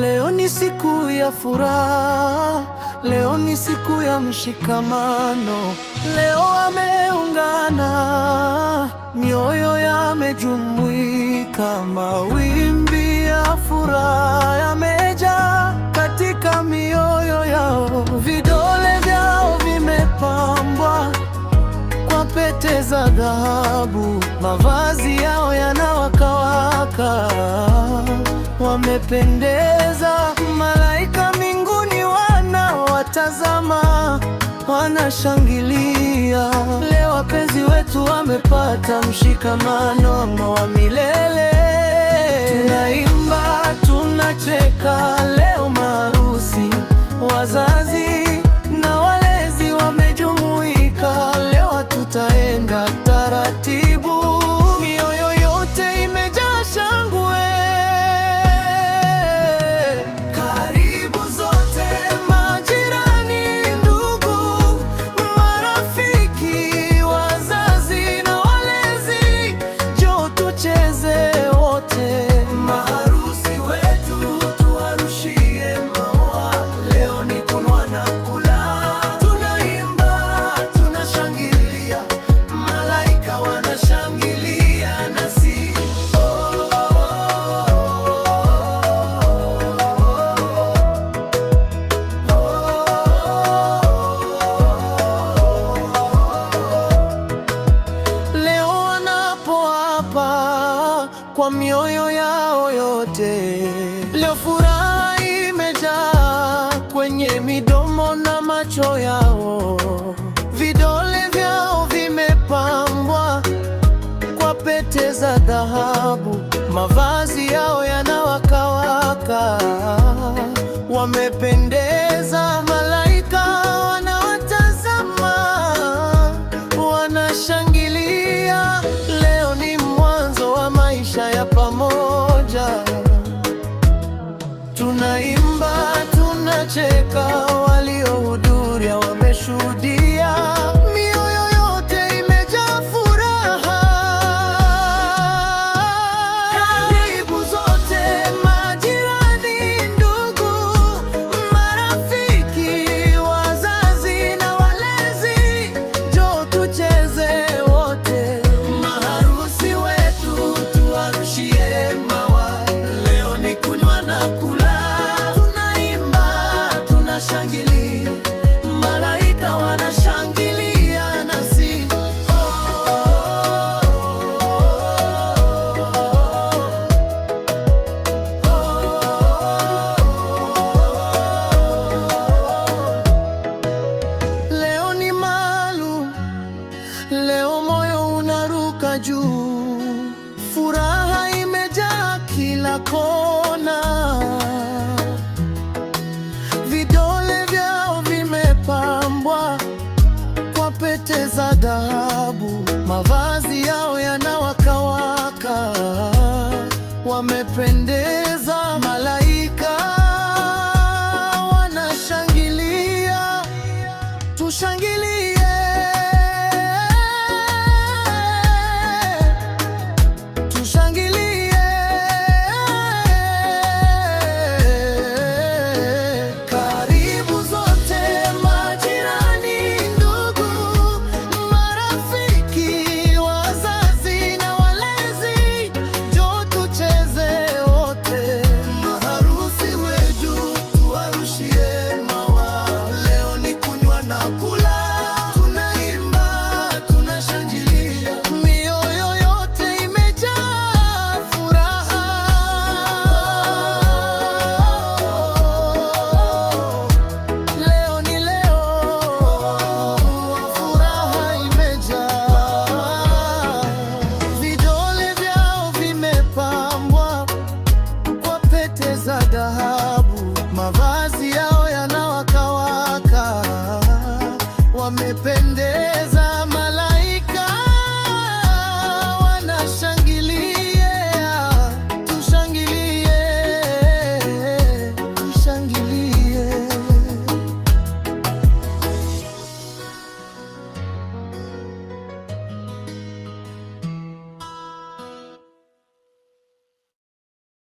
Leo ni siku ya furaha, leo ni siku ya mshikamano. Leo ameungana, mioyo yamejumuika, mawimbi ya furaha umependeza, malaika mbinguni wanawatazama, wanashangilia. Leo wapenzi wetu wamepata mshikamano wa milele, tunaimba tunacheka tunakula, tunaimba, tunashangilia, malaika wanashangilia nasi. Oh, oh, oh, wanapoapa kwa mioyo yao yote, leo furaha imejaa kwenye midomo macho yao, vidole vyao vimepambwa kwa pete za dhahabu, mavazi yao yanawakawaka, wamependeza, malaika wanawatazama, wanashangilia. Leo ni mwanzo wa maisha ya pamoja, tunaimba, tunacheka deixo de no.